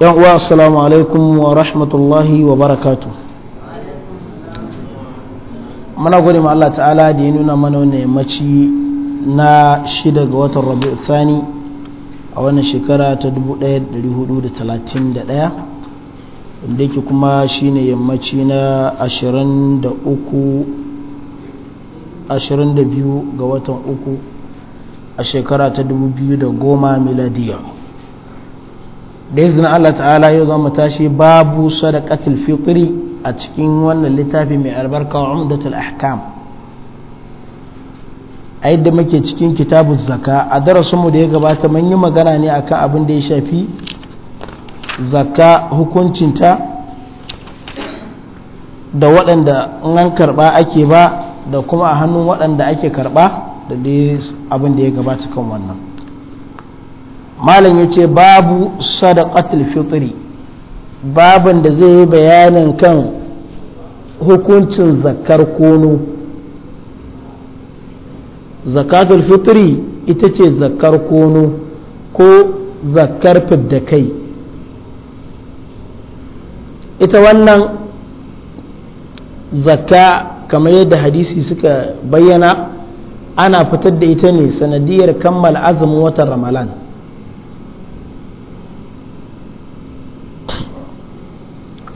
yan uwa assalamu alaikum wa rahmatullahi wa barakatu muna gode ma Allah ta'ala da ya nuna mana wannan yammaci na shida ga watan rabi'u thani a wannan shekara ta 1431 wanda yake kuma shine yammaci na 23 22 ga watan uku a shekara ta 2010 miladiyya da zina Allah ta'ala yau za mu tashi babu sadaqatul fitri a cikin wannan littafin mai albarka umdatul ahkam a yadda muke cikin kitabun zaka a darasin mu da ya gabata mun yi magana ne akan abin da ya shafi zaka hukuncinta da waɗanda an karɓa ake ba da kuma a hannun waɗanda ake karɓa da dai abin da ya gabata kan wannan malam ya ce babu sadaqatul fitri babin da zai yi bayanin kan hukuncin zakar kono zakatul fitri ita ce zakar kono ko zakar fidda kai ita wannan zakka kamar yadda hadisi suka bayyana ana fitar da ita ne sanadiyar kammala azumin watan ramalan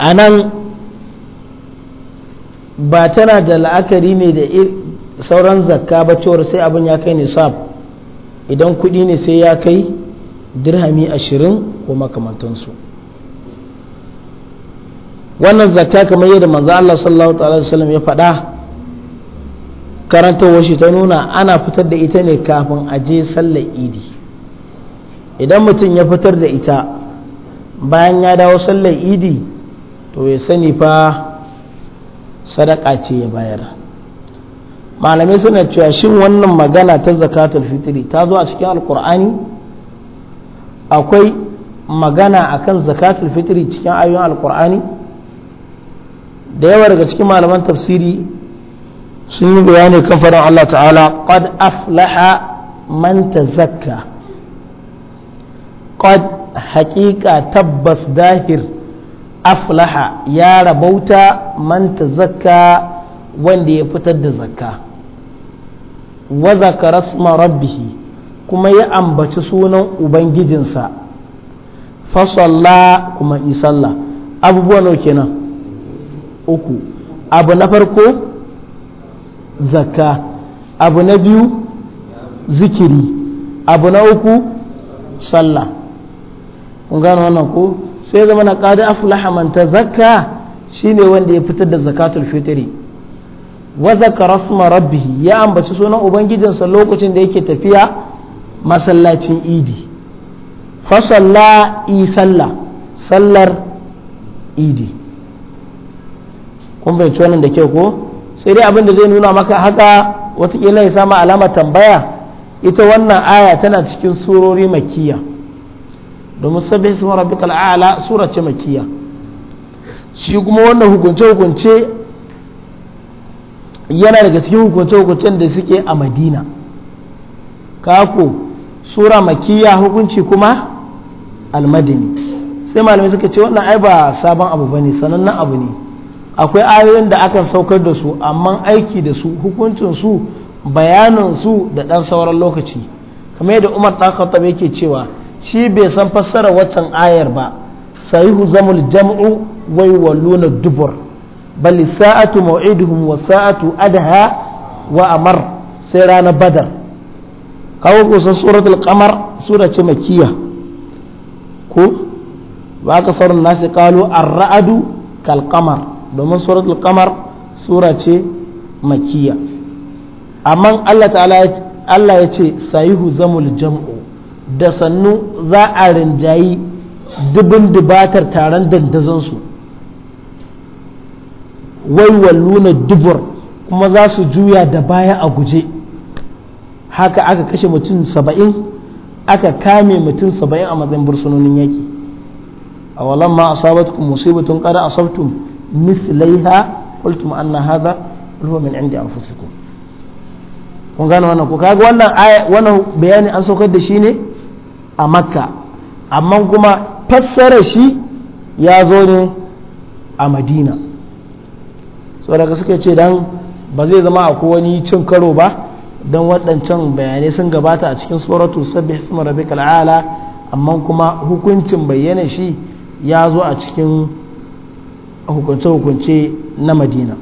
a nan ba tana da la'akari ne da sauran zakka ba cewar sai abin ya kai nisab idan kuɗi ne sai ya kai dirhami ashirin ko makamantansu wannan zakka kamar yadda manzo Allah sallallahu alaihi wasallam ya faɗa karantawar shi ta nuna ana fitar da ita ne kafin a je sallar idi idan mutum ya fitar da ita bayan ya dawo sallar idi to ya sani fa sadaka ce ya bayar malamai suna cewa shin wannan magana ta zakatul fitri ta zo a cikin alkur'ani akwai magana akan zakatul fitri cikin ayoyin alkur'ani da yawa daga cikin malaman tafsiri sun yi bayani kan faɗin Allah ta'ala qad aflaha man tazakka qad haƙiƙa tabbas dahir aflaha ya rabauta manta zakka wanda ya fitar da zakka wa ma rabbihi kuma ya ambaci sunan ubangijinsa fasalla kuma isalla abubuwa nawa kenan uku abu na farko zakka abu na biyu zikiri abu na uku sallah kun gano wannan ko sai zama na qad aflaha man tazakka shine wanda ya fitar da zakatul fitri wa zakara rasma rabbi ya ambaci sunan ubangijinsa lokacin da yake tafiya masallacin idi fa salla isalla sallar idi kun bai wannan da kyau ko sai dai abin da zai nuna maka haka watakila ya sama alamar tambaya ita wannan aya tana cikin surori makiya domin sabbin sun rabbi bikal ala sura ce makiya shi kuma wannan hukunce-hukunce yana daga cikin hukunce-hukuncen da suke a madina kako sura makiya hukunci kuma almadini sai malamai suka ce wannan ai ba sabon abu ba ne sanannen abu ne akwai ayoyin da aka saukar da su amma aiki da su hukuncin su bayanin su da ɗan sauran lokaci kamar yadda umar ɗan khattab yake cewa shi bai san fassara waccan ayar ba saihu zamul jam'u wai walluna dubur bal sa'atu maw'iduhum wa sa'atu adha wa amar sai rana badar kawo kusan suratul qamar sura ce makiya ko ba ka sauran nasi kalu ar kal qamar domin suratul qamar sura ce makiya amma Allah ta'ala Allah ya ce sayihu zamul jam'u da sannu za a rinjayi dubin dubatar taron dandazonsu wai walluna dubur kuma za su juya da baya a guje haka aka kashe mutum saba'in aka kame mutum saba'in a matsayin bursunonin yaki a walan ma asabatkum musibatun qad asabtum mithlaiha qultum anna hadha huwa min indi anfusikum kun gane wannan ko kaga wannan wannan bayani an saukar da shi ne a makka amma kuma fassara shi ya zo ne a madina daga suka ce dan ba zai zama a wani cin karo ba don waɗancan bayanai sun gabata a cikin suratu sabbi isma rabbika amma kuma hukuncin bayyana shi ya zo a cikin hukunce-hukunce na madina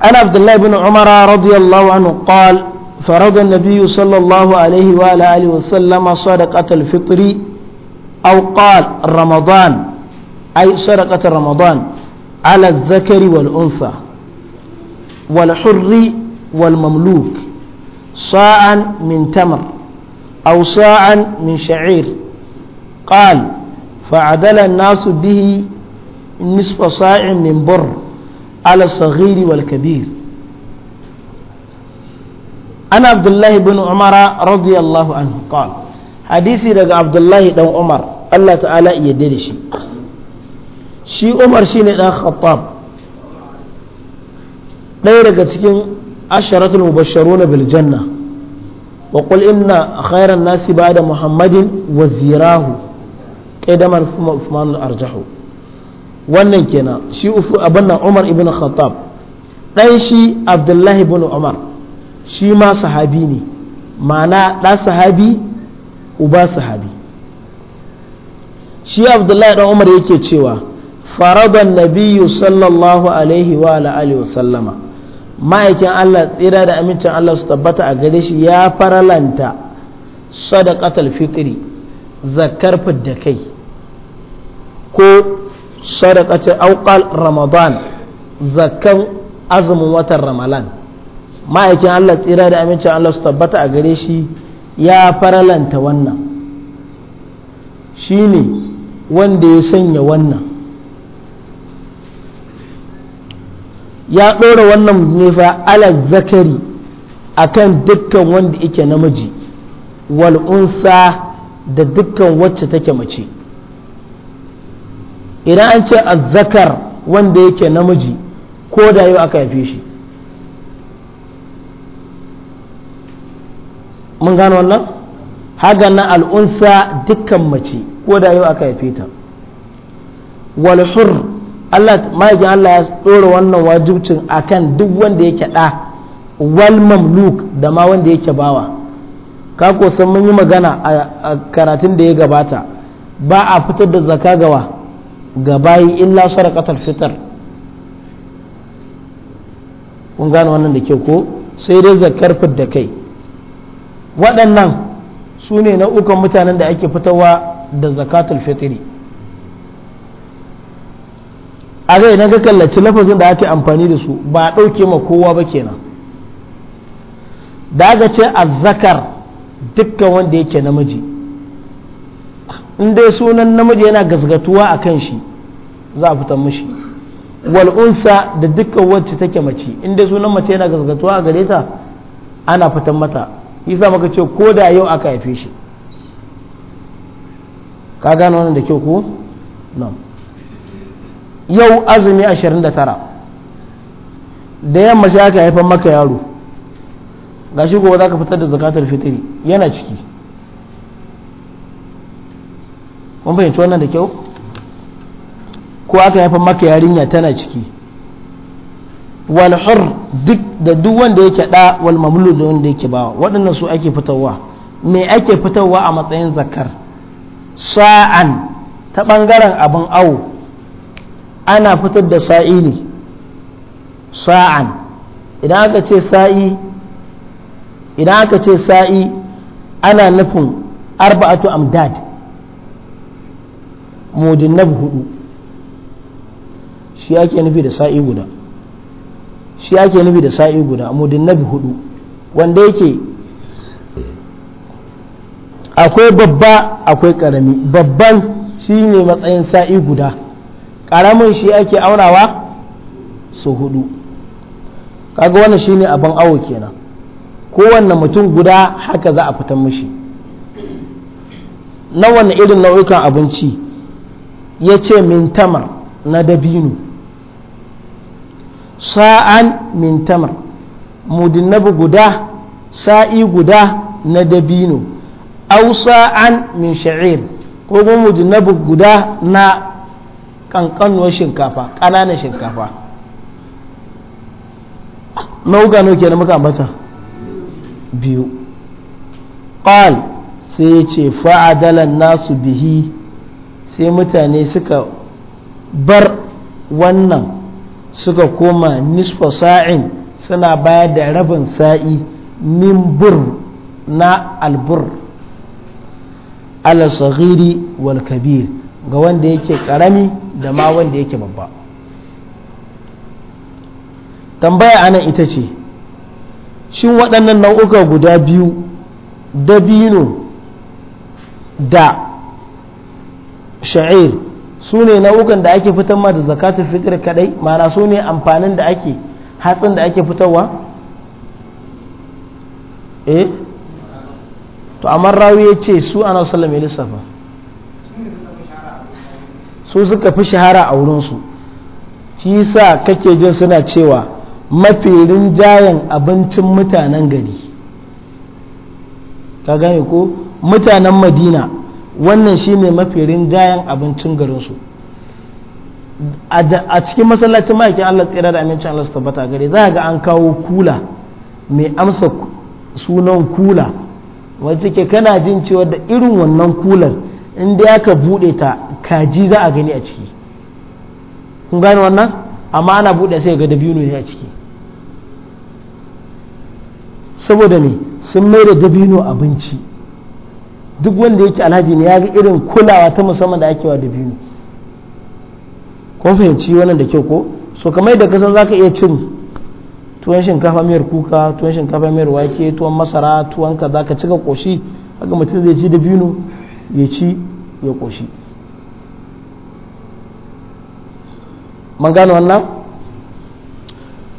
ana abdullahi bin umara radiyallahu anhu qala فرض النبي صلى الله عليه وعلى آله وسلم صدقة الفطر أو قال رمضان أي صدقة رمضان على الذكر والأنثى والحر والمملوك صاعا من تمر أو صاعا من شعير قال فعدل الناس به نصف صاع من بر على الصغير والكبير ana abdullahi bin umara radiyallahu anhu qala hadisi daga abdullahi dan umar Allah ta'ala ya da shi shi umar shine dan khattab ɗaya daga cikin asharatul mubashsharuna bil janna wa qul inna khairan muhammadin wa zirahu qidamar arjahu wannan kenan shi ufu abanna umar ibn khattab ɗan shi abdullahi ibn umar shi ma sahabi ne ma'ana ɗa sahabi uba sahabi shi abdullahi dan umar yake cewa faradan nabiyyu sallallahu alaihi wa alihi sallama ma'aikin Allah tsira da amincin Allah su tabbata a gare shi ya faralanta sadaqatul fitri zakar fidda kai ko sadaqatul auqal ramadan zakan azumin watan ramadan ma'aikin Allah tsira da amincin Allah su tabbata a gare shi ya faralanta wannan shi ne wanda ya sanya wannan ya ɗora wannan nufa ala zakari akan dukkan wanda yake namiji wal'unsa da dukkan wacce take mace idan an ce a zakar wanda yake namiji ko da yau aka haife shi mun gano wannan haga na al'unsa dukkan mace ko da yau aka haife ta wal hur Allah ma'aikin Allah ya tsora wannan wajibcin akan duk wanda yake ɗa wal mamluk da ma wanda yake bawa ka san mun yi magana a karatun da ya gabata ba a fitar da zaka gawa ga bayi illa sarakatar fitar kun gano wannan da ke ko sai dai zakar da kai waɗannan su ne nau'ukan mutanen da ake fitowa da zakatul fitiri a zai idan ka kallaci lafazin da ake amfani da su ba a ɗauke ma kowa ba kenan da aka ce zakar dukkan wanda yake namiji in dai sunan namiji yana gasgatuwa a kan shi za a fita mishi wal'unsa da dukkan wacce take mace in dai sunan mace yana gasgatuwa a gare ta ana fitan mata yasa maka ce ko da yau aka haife shi ka gano wannan da kyau ko nan yau azumi 29 da yamma sai aka haifan maka yaro gashi gobe za ka fitar da zakatar fitiri yana ciki kun fahimci wannan da kyau ko aka haifan maka yarinya tana ciki Walhur duk da duk wanda yake da wal mamlu da wanda yake bawa waɗannan su ake fitowa me ake fitowa a matsayin zakar sa'an ta ɓangaren abin awo ana fitar da sa'i ne sa'an idan aka ce sa'i idan aka ce sa'i ana nufin arba'atu amdad mudin hudu shi ake nufi da sa'i guda shi ake nufi da sa'i guda mudin nabi hudu wanda yake akwai babba akwai karami babban shi ne matsayin sa'i guda karamin shi ake aunawa su hudu kaga wannan shine abin awo kenan kowanne mutum guda haka za a fitan mishi na wannan irin nau'ikan abinci ya ce mintama na dabino sa'an min tamar mudinnabu guda sa'i guda na dabino au sa'an min sha'ir ko kuma mudinnabu guda na kankanuwar shinkafa ƙananan shinkafa nauga nauke na muka ambata biyu ƙal sai ya ce fa'adalan nasu bihi sai mutane suka bar wannan suka koma nisfa sa'in suna bayar da rabin sa'i min bur na albur ala wal kabir ga wanda yake karami da ma wanda yake babba tambaya ana ita ce shin waɗannan nau'uka guda biyu dabino da sha'ir su ne nau'ukan da ake fitar ma da zakatun fitr kadai ma'ana su ne amfanin da ake hatsin da ake fitarwa eh to amma rawi ya ce su ana sallam ya lissafa su suka fi shahara a wurinsu shi sa kake jin suna cewa mafi rinjayen abincin mutanen gari ka gane ko mutanen madina wannan shine mafi rinjayen abincin garinsu a cikin masallacin ma'aikin Allah tsira da amincin Allah su tabbata gare za ga an kawo kula mai amsa sunan kula wacce ke kana jin cewa da irin wannan kular inda aka bude ta kaji za a gani a ciki kun gane wannan amma ana bude sai ga dabino ne a ciki saboda ne sun mai da dabino abinci duk wanda yake alhaji ne ya ga irin kulawa ta musamman da ake wa biyu kun fahimci wannan da kyau ko so kamar da kasan zaka iya cin tuwon shinkafa miyar kuka tuwon shinkafa miyar wake tuwon masara tuwon ka zaka cika koshi haka mutum zai ci da biyu ya ci ya koshi man gano wannan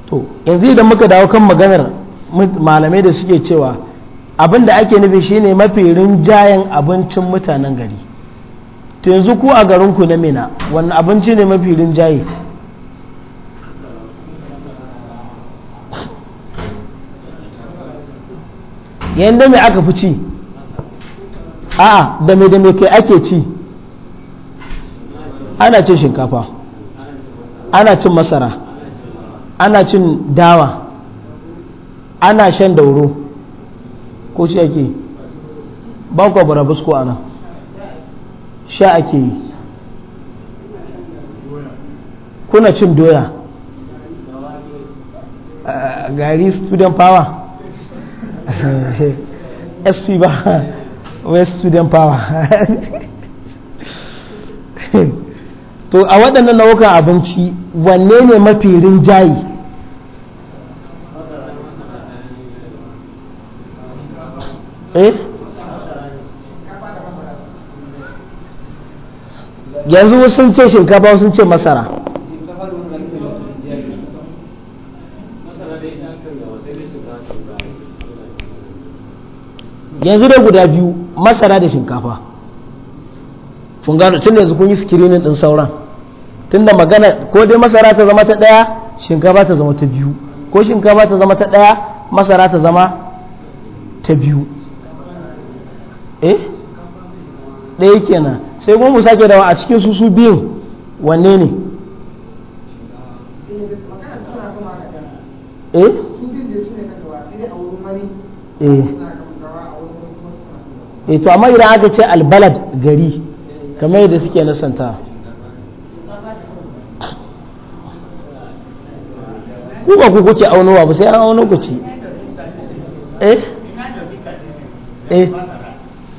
to yanzu idan muka dawo kan maganar malamai da suke cewa abin da ake nufi shine mafi rinjayen abincin mutanen gari Ta yanzu ku a garinku na mina wani abinci ne mafi rinjaye yadda mai aka fi ci a'a da mai da mai kai ake ci ana cin shinkafa ana cin masara ana cin dawa ana shan dauro ko shi ake ba ku bara busko ana sha ake yi kuna cin doya eh, gari student power sp ba west student power to a waɗannan nau'ukan abinci wanne ne mafi rinjaye eh yanzu sun ce shinkafa sun ce masara yanzu dai guda biyu masara da shinkafa kun gano yanzu kun yi screening din sauran tun da magana ko dai masara ta zama ta ɗaya shinkafa ta zama ta biyu ko shinkafa ta zama ta ɗaya masara ta zama ta biyu eh ɗaya kenan sai kuma mu sake dawa a cikin su su biyun wanne ne eh? eh eh to amma idan aka ce albalad gari kamar yadda suke nasanta ku ba ku kuke aunowa ba sai an aunowa ku ce. eh eh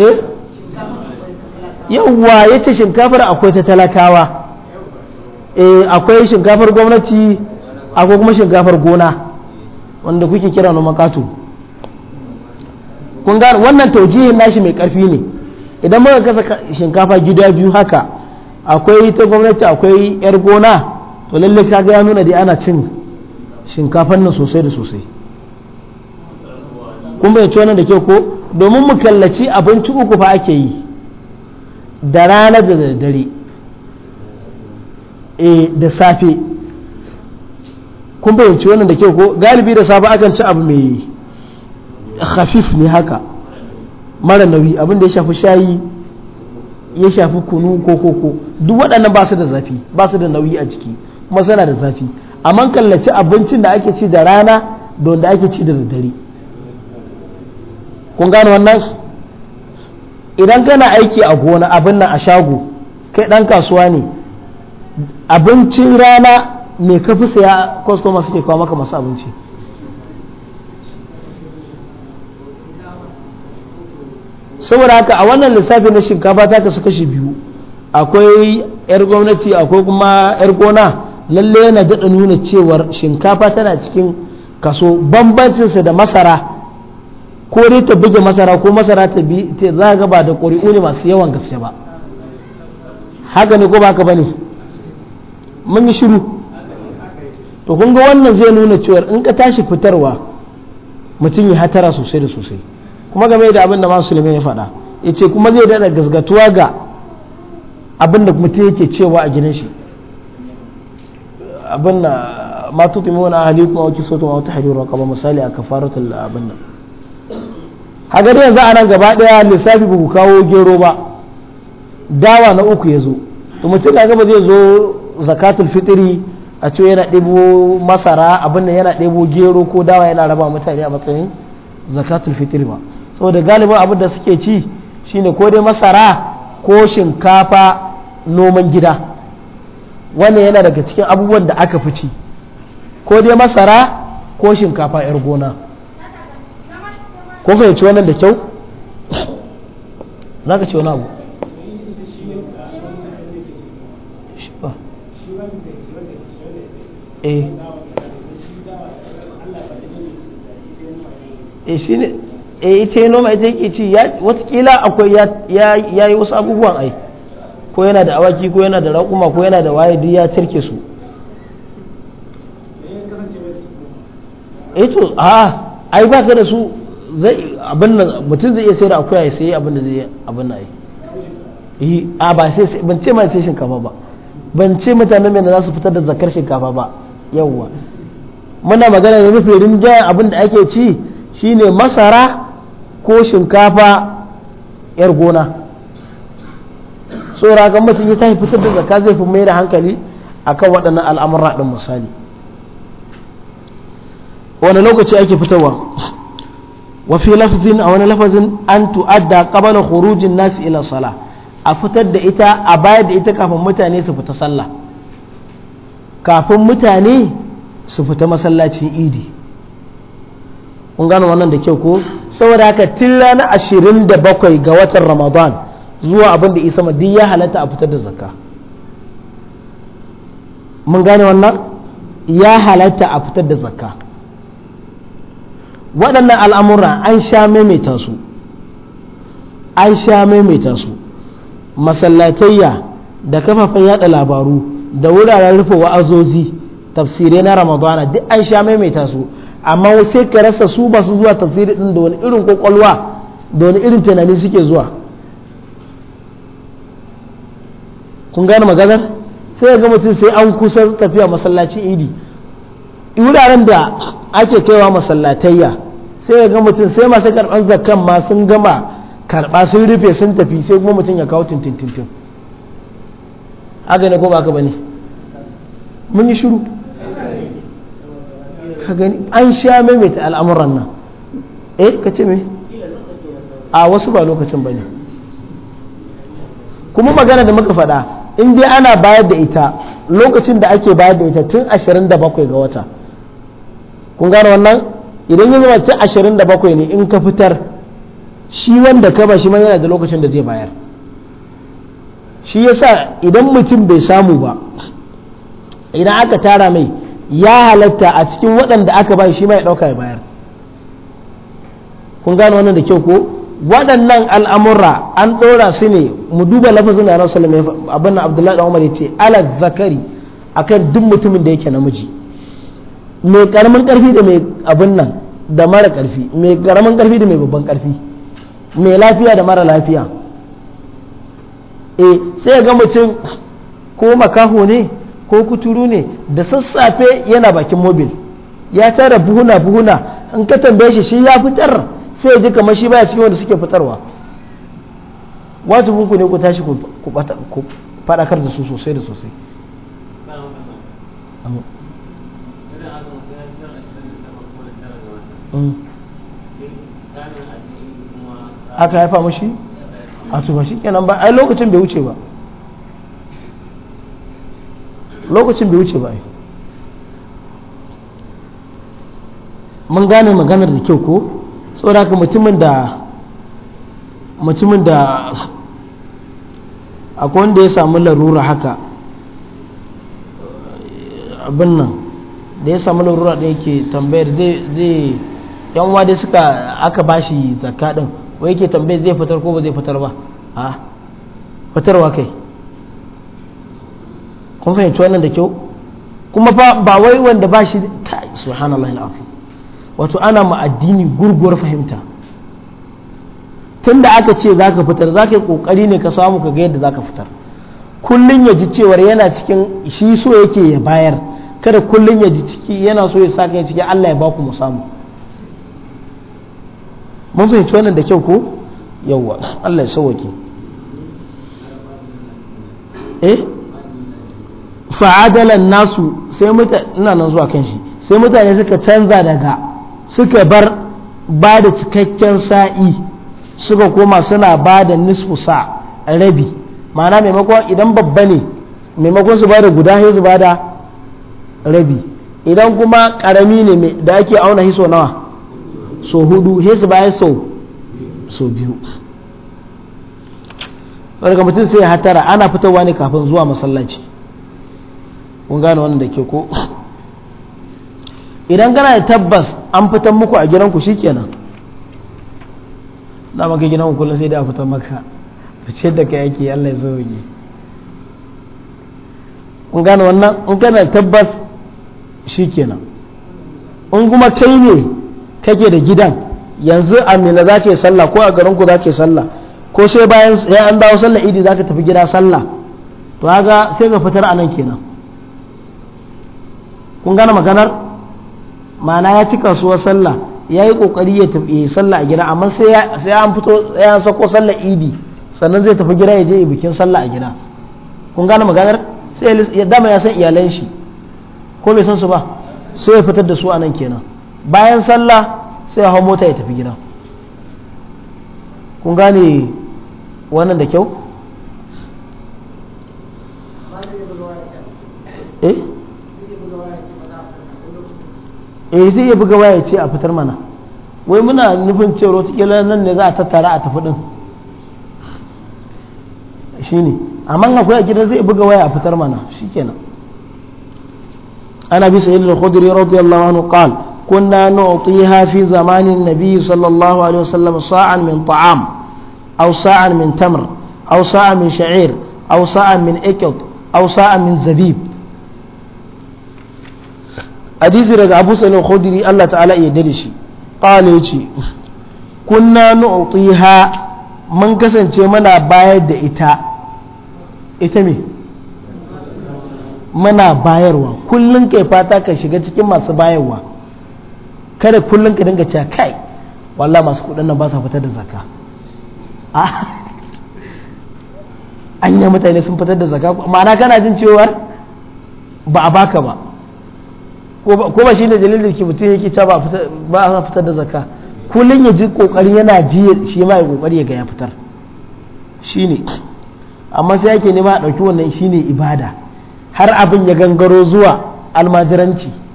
eh yawwa ya ce shinkafar akwai ta talakawa eh, akwai shinkafar gwamnati akwai kuma shinkafar gona wanda kuke kira noman katu kun wannan taujihin nashi mai karfi ne idan muka kasa shinkafa gida biyu haka akwai ta gwamnati akwai yar gona to lalle kaga ya nuna da ana cin shinkafan nan sosai da sosai kun bai wannan da kyau ko domin mu kallaci abinci uku fa ake yi da rana da daddare e da safe kun fahimci wannan da kyau ko galibi da safe akan ci abu mai khafif ne haka mara nauyi abin da ya shafi shayi ya shafi kunu ko koko duk waɗannan ba su da zafi ba su da nauyi a jiki kuma suna da zafi amma kallaci abincin da ake ci da rana da ake ci da daddare kun gano wannan idan kana aiki a gona abin nan a shago kai dan kasuwa ne abincin rana me kafi saya kwastoma suke kawo maka masu abinci saboda haka a wannan lissafi na shinkafa ta kasu kashi biyu akwai 'yar gwamnati akwai kuma 'yar gona lalle yana daɗa nuna cewar shinkafa tana cikin kaso bambancinsa da masara ko dai ta buge masara ko masara ta bi ta zaga ba da ƙuri'u ne masu yawan gaske ba haka ne ko ba ka bane mun yi shiru to kun ga wannan zai nuna cewar in ka tashi fitarwa mutum ya hatara sosai da sosai kuma game da abin da masu ya faɗa ya ce kuma zai daɗa gasgatuwa ga abin da mutum yake cewa a ginin shi abin da ma tutu mona ahalikum wa kisatu wa tahriru kama misali a kafaratul abin nan haka dai yanzu a nan gaba daya lissafi ba kawo gero ba dawa na uku ya zo to mutum kaga ba zai zo zakatul fitiri a ce yana ɗebo masara abin da yana ɗebo gero ko dawa yana raba mutane a matsayin zakatul fitiri ba saboda galibin abin da suke ci shine ko dai masara ko shinkafa noman gida wannan yana daga cikin abubuwan da aka fi ci ko dai masara ko shinkafa 'yar gona ko fahimci wannan da kyau za ka ci wani abu eh. eh shi ne eh ita noma ita yake ci watakila akwai ya yi wasu abubuwan ai ko yana da awaki ko yana da raƙuma ko yana da waye duk ya cirke su eh to a ai ba ka da su mutum zai iya sayar a akuya ya sayi abin da zai abin na yi eh, a ba sai ban ce mai sai shinkafa ba ban ce mutane mai da za su fitar da zakar shinkafa ba yawwa muna magana da rufe rinjayen abin da ake ci shine masara ko shinkafa yar gona tsora kan mutum ya tafi fitar da zaka zai fi mai da hankali a kan waɗannan al'amura ɗin misali wani lokaci ake fitarwa wa fi lafzin a wani lafazin an tu'adda qabala khurujin nas ila a fitar da ita a bayar da ita kafin mutane su fita sallah kafin mutane su fita masallacin idi kun gano wannan da kyau ko saboda haka tun ranar ashirin da bakwai ga watan ramadan zuwa abin da isa duk ya halatta a fitar da zakka mun gane wannan ya halatta a fitar da zakka waɗannan al'amura an sha maimaita su an sha maimaita su masallatayya da kafafen yada labaru da wuraren rufe wa'azozi tafsirai na ramadana duk an sha maimaita su amma sai ka rasa su ba su zuwa tafsiri ɗin da wani irin kwakwalwa da wani irin tunani suke zuwa kun gane maganar sai ga mutum sai an kusa tafiya masallaci idi wuraren da ake kaiwa masallatayya sai ga mutum sai masu karɓar zakan ma sun gama karɓa sun rufe sun tafi sai kuma mutum ya kawo tintintintin haka ne ko ba ka bane mun yi shiru ka gani an sha maimaita al'amuran nan eh ka ce me a wasu ba lokacin bane kuma magana da muka faɗa in dai ana bayar da ita lokacin da ake bayar da ita tun 27 ga wata kun gane wannan idan yin zama ta ashirin da bakwai ne in ka fitar shi wanda ka ba shi ma yana da lokacin da zai bayar shi yasa idan mutum bai samu ba idan aka tara mai ya halatta a cikin waɗanda aka ba shi ma ya ɗauka ya bayar kun gane wannan da kyau ko waɗannan al'amura an ɗora su ne mu duba lafazin da rasulun abin na abdullahi da umar ya ce ala zakari akan duk mutumin da yake namiji mai karamin karfi da mai abin nan da mara karfi mai karamin karfi da mai babban karfi mai lafiya da mara lafiya eh sai ga mutum ko makaho ne ko kuturu ne da sassafe yana bakin mobil ya tara buhuna buhuna in ka tambaye shi shi ya fitar sai ji kamar shi baya cikin wanda suke fitarwa wato buku ne ku tashi ku faɗakar da su sosai da sosai Mm. aka haifa mashi a tuba shi kenan ba ai lokacin bai wuce ba lokacin bai wuce ba ai mun gane maganar da kyau ko tsoron haka mutumin da mutumin da akwai wanda ya samu larura haka abin nan da ya samu larura da yake tambayar zai yan uwa da suka aka bashi zakka din wai yake tambaye zai fitar ko ba zai fitar ba a fitarwa kai kun fahimci wannan da kyau kuma fa ba wai wanda bashi ta subhanallahi alazim wato ana mu addini gurguwar fahimta tunda aka ce zaka fitar zaka yi kokari ne ka samu ka ga yadda zaka fitar kullun ya ji cewar yana cikin shi so yake ya bayar kada kullun ya ji ciki yana so ya saka ya ciki Allah ya ba mu samu mun fahimci wannan da kyau ko yawwa Allah ya sauwake eh fa'adalan nasu sai mutane ina nan zuwa kan shi sai mutane suka canza daga suka bar ba da cikakken sa'i suka koma suna ba da nisfu sa rabi ma'ana maimakon idan babba ne maimakon su ba da guda sai su ba da rabi idan kuma karami ne da ake auna hiso nawa so hudu hesu bayan so sau so biyu daga mutum sai ya hatara ana fitowa ne kafin zuwa masallaci kun gane wannan da ke ko idan gana da tabbas an fitan muku a gidanku shikenan na maka gidanku kullum sai da a fitan maka fice da ka yake allah ya zo waje kun gane wannan in gana da tabbas shikenan in kuma kai ne kake da gidan yanzu a mila za ke sallah ko a garinku za ke sallah ko sai bayan ya an dawo sallah idi za ka tafi gida sallah to haka sai ka fitar a nan kenan kun gane maganar ma'ana ya ci kasuwar sallah ya yi kokari ya tafi sallah a gida amma sai an fito ya sako sallah idi sannan zai tafi gida ya je bikin sallah a gida kun gane maganar sai ya dama ya san iyalan shi ko bai san su ba sai ya fitar da su a nan kenan bayan sallah sai hau mota ya tafi gida kun gane wannan da kyau eh, eh zai iya buga waya ce a fitar mana wai muna nufin cewar watakila nan ne za a tattara a tafi din shi ne amma akwai a gidan zai buga waya a fitar mana shi kenan ana bisa yin da khudri radiyallahu anhu qala كنا نعطيها في زمان النبي صلى الله عليه وسلم صاعا من طعام أو صاعا من تمر أو صاعا من شعير أو صاعا من إكت أو صاعا من زبيب hadisi daga abu sa'il al-khudri Allah ta'ala ya dade shi yace kunna nu'tiha mun kasance mana bayar da ita ita me muna bayarwa kullun kai fata ka shiga cikin masu bayarwa kada kullum ka dinga cewa kai walla masu kudin nan ba sa fitar da zakka anya mutane sun fitar da zakka ma'ana kana jin cewa ba a baka ba ko ba shi ne dalilin ki mutum yake ta ba a fitar da zakka kullum ya ji kokarin yana ji shi ma ya kokari ya ga ya fitar ne amma sai yake nema a ɗauki wannan ne ibada har abin ya gangaro zuwa almajiranci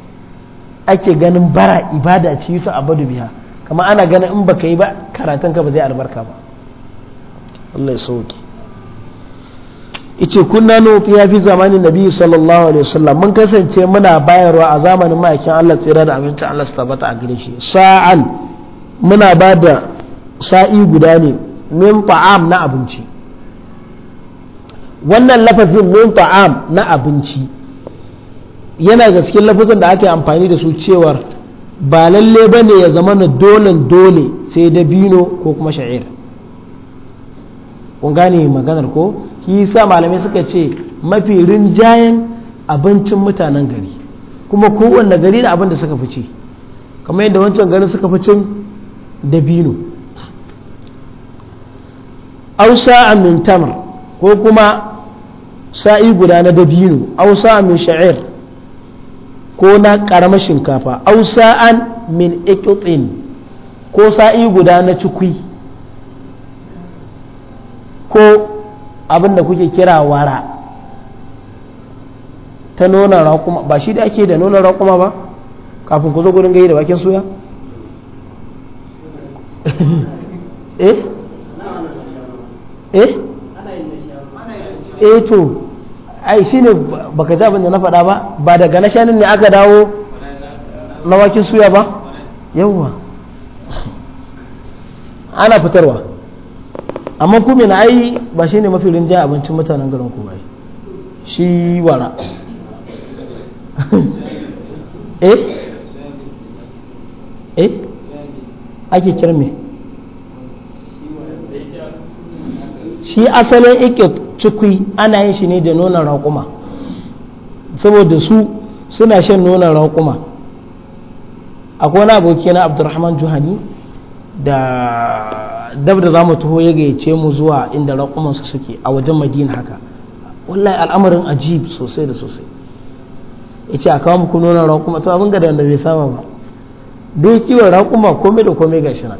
ake ganin bara ibada ce yuta abadu biya kama ana ganin in baka yi ba karatun ka ba zai albarka ba Allah ya sauke ice kunna nuti ya fi zamanin nabi sallallahu alaihi wasallam mun kasance muna bayarwa a zamanin ma'aikin Allah tsira da abincin Allah su tabbata a gare shi sa'al muna ba da sa'i guda ne min ta'am na abinci wannan lafazin min ta'am na abinci yana gaske cikin da ake amfani da su cewar ba lalle ba ne ya zama na dolen dole sai da bino ko kuma sha'ir kun gane maganar ko shi sa malamai suka ce mafi rinjayen abincin mutanen gari kuma kowanne gari da abin da suka fi kamar yadda wancan garin suka fi cin da bino au sa'a min tamar ko kuma sa'i guda na dabino au sa'a min sha'ir ko na ƙaramar shinkafa au sa'an min ikutin ko sa'i guda na cikwi ko abin da kuke kira wara ta nona raƙuma ba shi da ake da nona raƙuma ba kafin ku zo gudun gai da bakin suya eh eh eh to ai shine ba ka abin da na faɗa ba ba daga na shanin ne aka dawo na wakin suya ba yawwa ana fitarwa amma kuma na ai ba shine mafi rinja abincin mutanen garin ku bai shi wara eh eh ake kirme shi asalin iket cikwi ana yin shi ne da nonon raƙuma saboda su suna shan nonon raƙuma akwai wani aboki na abdurrahman juhani da dab da za mu taho ya gayyace mu zuwa inda raƙumansu suke a wajen madina haka wallahi al'amarin ajib sosai da sosai ya ce a kawo muku nonon raƙuma to abin ga da bai saba ba dai kiwon raƙuma komai da komai ga shi nan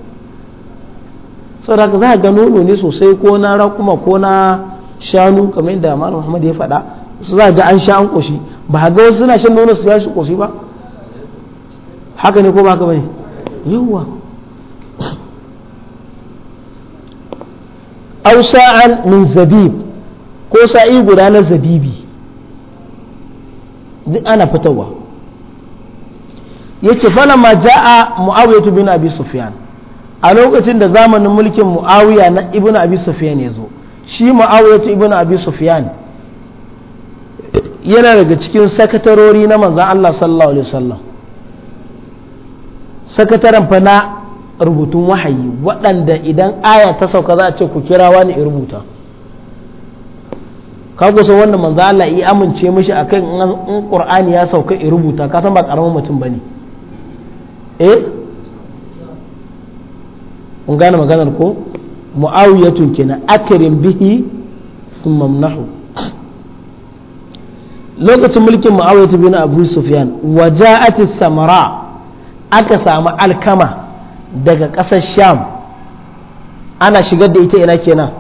saboda za ga nono ne sosai ko na rakuma ko na shanu kamar yadda malam muhammad ya faɗa su za ga an sha an ƙoshi ba ga wasu suna shan nono su ya shi ƙoshi ba haka ne ko ba haka bane yawwa aw sa'an min zabib ko sa'i guda na zabibi duk ana ce yace ma ja'a muawiyatu bin abi sufyan a lokacin da zamanin mulkin muawiya na ibn abi sufyan ya zo shi muawiya ta ibn abi sufyan yana daga cikin sakatarori na manzan Allah sallallahu alaihi wasallam sakataren fa na rubutun wahayi waɗanda idan aya ta sauka za a ce ku kira wani in rubuta ka gusa wanda manza Allah ya amince mishi akan in Qur'ani ya sauka in rubuta ka san ba karamin mutum bane eh kun gane maganar ko mu'awiyatun kenan akarin bihi sun mamnahu lokacin mulkin mu'awiyatun bin abu sufyan waja'ati samara aka samu alkama daga ƙasar sham ana shigar da ita ina kenan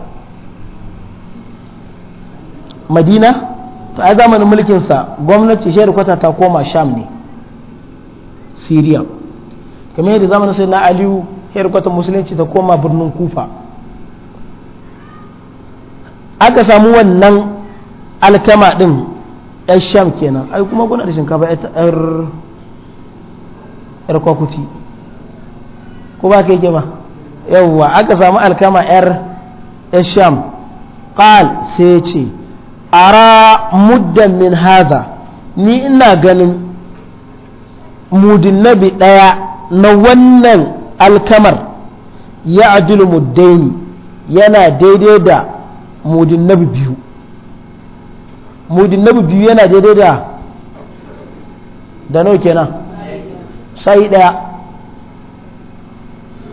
madina to a zamanin mulkinsa gwamnati shayar kwata ta koma sham ne siriya kamar yadda zamanin sai na aliyu yarkwata musulunci ta koma birnin kufa aka samu wannan alkama din yan sham kenan ai kuma kuna da shinkafa yar kwakuti ko ba ka yi ba yawwa aka samu alkama yar sham qal sai ya ce ara muddan min haza ni ina ganin mudin nabi daya na wannan alkamar ya adilu muddaini yana daidai da mudin nabi biyu mudin nabi biyu yana daidai da da nau kenan sai daya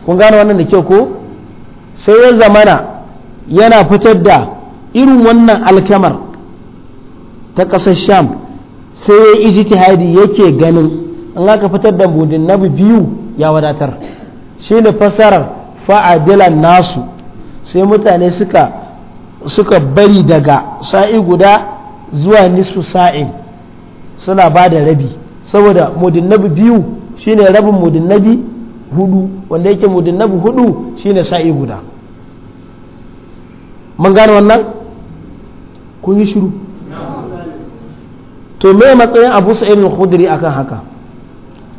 kun gano wannan da kyau ko sai ya zamana yana fitar da irin wannan alkamar ta ƙasar sham sai ya ijtihadi yake ganin in aka fitar da mudin nabi biyu ya wadatar shi ne fasarar fa'adilan nasu sai mutane suka suka bari daga sa'i guda zuwa nisu sa'in suna ba da rabi saboda mudinnabi biyu shi ne rabin mudinnabi hudu wanda yake mudinnabi hudu shi ne sa'i guda mun gane wannan kun yi shiru to me matsayin abu sa'id al-khudri akan haka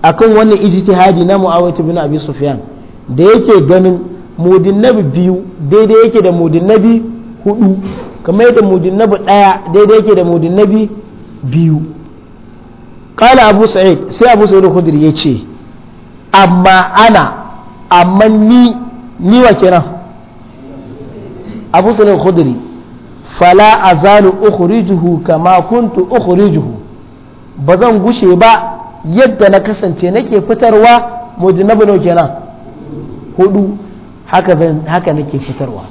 akan wannan ijtihadi na mu'awaitu bin abi sufyan da yake ganin mudinnabi biyu daidai yake da mudinnabi hudu kamar yadda mudinnabi daya daidai yake da mudinnabi biyu Kala abu sa'id sai abu sa'id khudri ce, amma ana amma ni ni wa kira abu sa'id khudri fala azalu ukhrijuhu kama kuntu ukhrijuhu zan gushe ba yadda na kasance nake fitarwa mudinnabi no kenan hudu haka zan haka nake fitarwa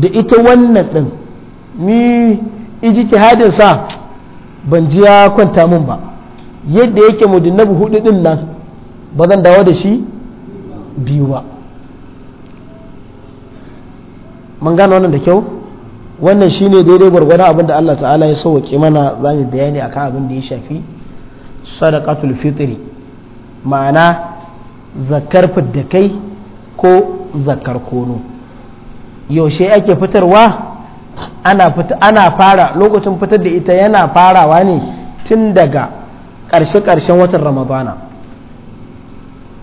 da ita wannan din ni ijtihadin sa ban ji ya kwanta min ba yadda yake mudinnabi hudu din nan ba zan dawo da shi biyu ba mun gano wannan da kyau wannan shine daidai gwargwadon abin da Allah ta'ala ya sauwaƙe mana za mu bayani akan abin da ya shafi sadaqatul fitri ma'ana zakar fiddakai ko zakar kono yaushe ake fitarwa ana, ana fara lokacin fitar da ita yana farawa ne tun daga ƙarshe-ƙarshen watan ramadana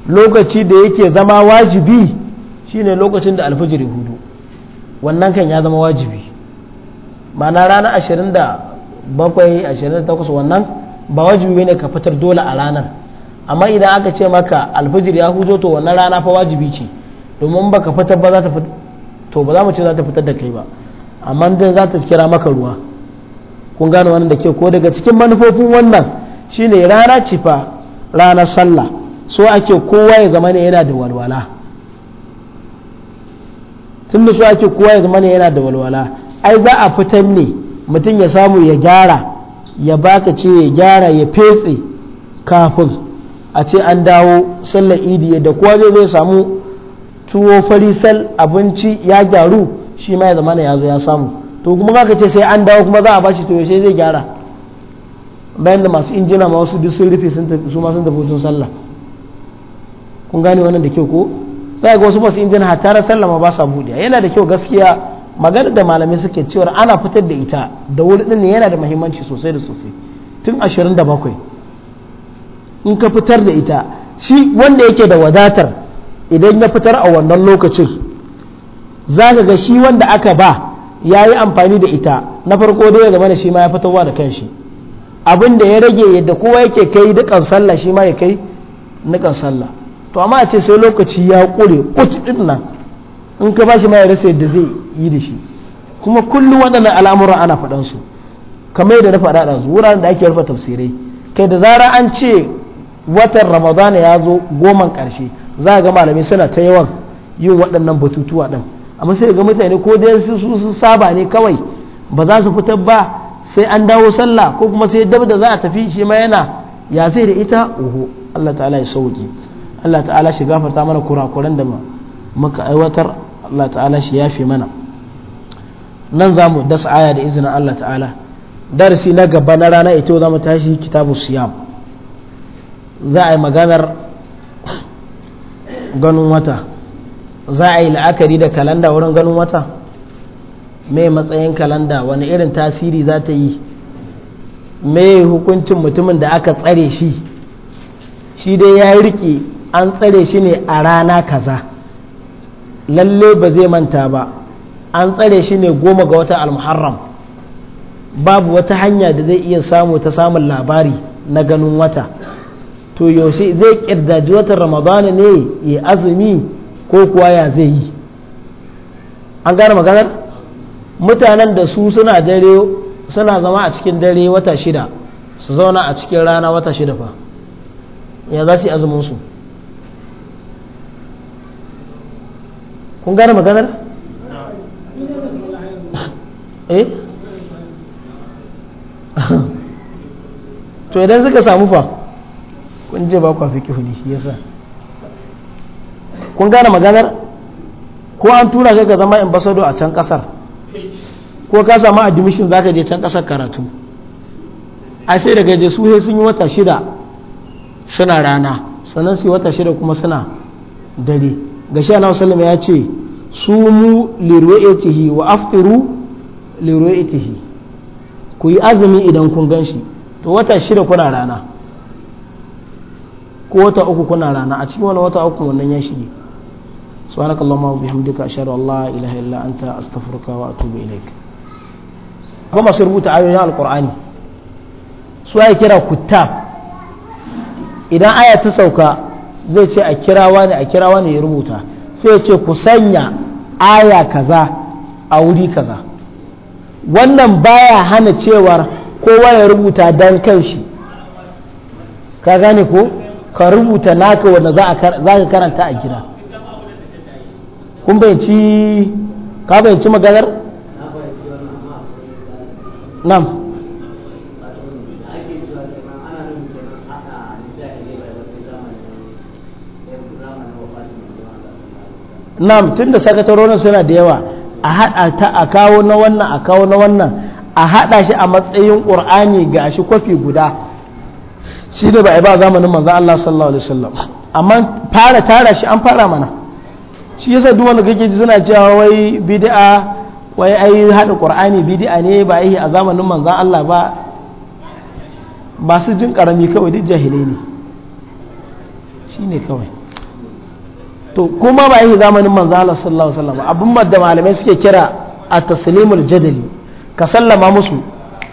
lokaci da yake zama wajibi shine lokacin da alfajiri hudu wannan kan ya zama wajibi ma'ana rana 27 28 wannan ba wajibi ne ka fitar dole a ranar amma idan aka ce maka alfijir ya huzo to wannan rana fa wajibi ce domin baka fitar ba za ta to ba za mu ce za ta fitar da kai ba amma dan za ta kira maka ruwa kun gane wannan da ke ko daga cikin manufofin wannan shine rana ce fa ranar sallah so ake kowa ya zama ne yana da walwala tun da so ake kowa ya zama ne yana da walwala ai za a fitar ne mutum ya samu ya gyara ya baka ce ya gyara ya fetse kafin a ce an dawo sallar idi da kowa zai zai samu tuwo fari sal abinci ya gyaru shi ma ya zama ya zo ya samu to kuma kaka ce sai an dawo kuma za a bashi tuwo sai zai gyara bayan da masu injina ma wasu duk sun rufe su ma sun tafi sun sallah kun gane wannan da kyau ko za ga wasu masu injina tara sallah ma ba sa buɗe yana da kyau gaskiya maganar da malamai suke cewa ana fitar da ita da wuri din yana da muhimmanci sosai da sosai tun 27 in ka fitar da ita shi wanda yake da wadatar idan ya fitar a wannan lokacin za ka ga shi wanda aka ba ya yi amfani da ita na farko dai ya zama da shi ma ya fitarwa da kanshi abin da ya rage yadda kowa yake kai dukan sallah shi ma ya kai nukan sallah to amma a ce sai lokaci ya kure kuci din nan in ka ba shi ma ya rasa yadda zai yi da shi kuma kullum waɗannan al'amura ana faɗansu su kamar yadda na faɗa ɗansu wuraren da ake rufe tafsirai kai da zara an ce watan ramadana ya zo goman karshe za a ga malamai suna ta yawan yin waɗannan batutuwa ɗin amma sai ga mutane ko dai su su saba ne kawai ba za su fitar ba sai an dawo sallah ko kuma sai dab da za a tafi shi ma yana ya sai da ita oho Allah ta'ala ya sauki Allah ta'ala shi gafarta mana kurakuran da muka aiwatar Allah ta'ala shi yafe mana nan za mu dasa aya da izinin Allah ta'ala darasi na gaba na rana ita za mu tashi kitabu siyam za a yi maganar ganin wata za a yi la'akari da kalanda wurin ganin wata mai matsayin kalanda wani irin tasiri za ta yi mai hukuncin mutumin da aka tsare shi shi dai ya rike an tsare shi ne a rana kaza lalle ba zai manta ba an tsare shi ne goma ga wata almuharram babu wata hanya da zai iya samu ta samun labari na ganin wata to yaushe zai kirdaji watan ramadana ne ya azumi ko kuwa ya zai yi an gane maganar mutanen da su suna dare suna zama a cikin dare wata shida su zauna a cikin rana wata shida fa ya za su yi azumin su kun gane maganar eh to idan suka samu fa kun je ba ku fiqh ne shi yasa kun gane maganar ko an tura ka ga zama in a can kasar ko ka samu admission zaka je can kasar karatu a sai daga je su sai sun yi wata shida suna rana sannan su wata shida kuma suna dare ga shi Allah sallama ya ce mu liru'atihi wa aftiru liru'atihi ku yi azumi idan kun ganshi to wata shida kuna rana ko wata uku kuna rana a cikin wani wata uku wannan ya shige سبحانك اللهم وبحمدك أشهد أن لا illa إلا أنت أستغفرك وأتوب ilaik. kuma masu rubuta ayoyin alkur'ani su ya kira kuttab idan aya ta sauka zai ce a kira wani a kira wani ya rubuta sai ya ce ku sanya aya kaza a wuri kaza wannan baya hana cewar kowa ya rubuta dan kanshi ka gane ko ka rubuta naka wanda za ka karanta a gida kun bayanci ka bayanci maganar nam nam tun da sakatarorin suna da yawa a haɗa ta a kawo na wannan a kawo na wannan a haɗa shi a matsayin ƙur'ani ga shi kwafi guda shi ne ba a ba zamanin manzan Allah sallallahu alaihi wasallam amma fara tara shi an fara mana shi yasa duk wanda kake ji suna cewa wai bid'a wai ai hada qur'ani bid'a ne ba yi a zamanin manzan Allah ba masu jin karami kawai duk jahilai ne shi ne kawai to kuma ba yi zamanin manzan Allah sallallahu alaihi wasallam abin da malamai suke kira a taslimul jadali ka sallama musu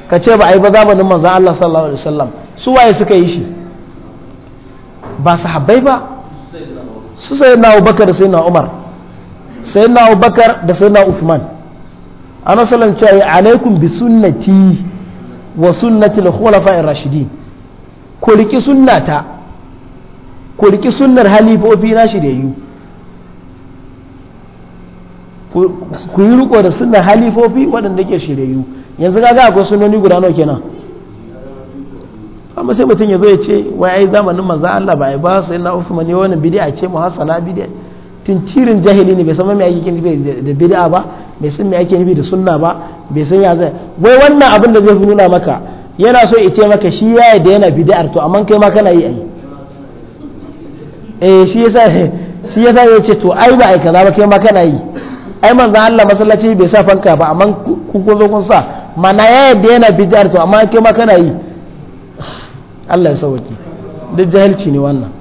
ka ce ba yi ba zamanin manzan Allah sallallahu alaihi wasallam su waye suka yi shi ba su habai ba su sayi na abubakar da sai na umar sayi na abubakar da sai na uthman a salam cewa ya alaikum bi sunnati wa sunnati al-khulafa'ir rashidin ko riki sunnata ko riki sunnar halifofi na shi da yi ku yi riko da sunnar halifofi waɗanda ke shirayu yanzu ga akwai sunoni guda nawa kenan amma sai mutum ya zo ya ce wai ai zamanin manzan Allah ba ai ba sai na Uthman ne wani bid'a ce muhassana bid'a cirin jahili ne bai san me ake nufi da bid'a ba bai san me yake nufi da sunna ba bai san ya zai wai wannan abin da zai nuna maka yana so ya ce maka shi ya da yana bid'ar to amma kai ma kana yi ai eh shi yasa shi yasa ya ce to ai ba ai kaza ba kai ma kana yi ai manzan Allah masallaci bai sa fanka ba amma kun kun zo kun sa mana ya da yana bid'ar to amma kai ma kana yi Allah ya sauwaki duk jahilci ne wannan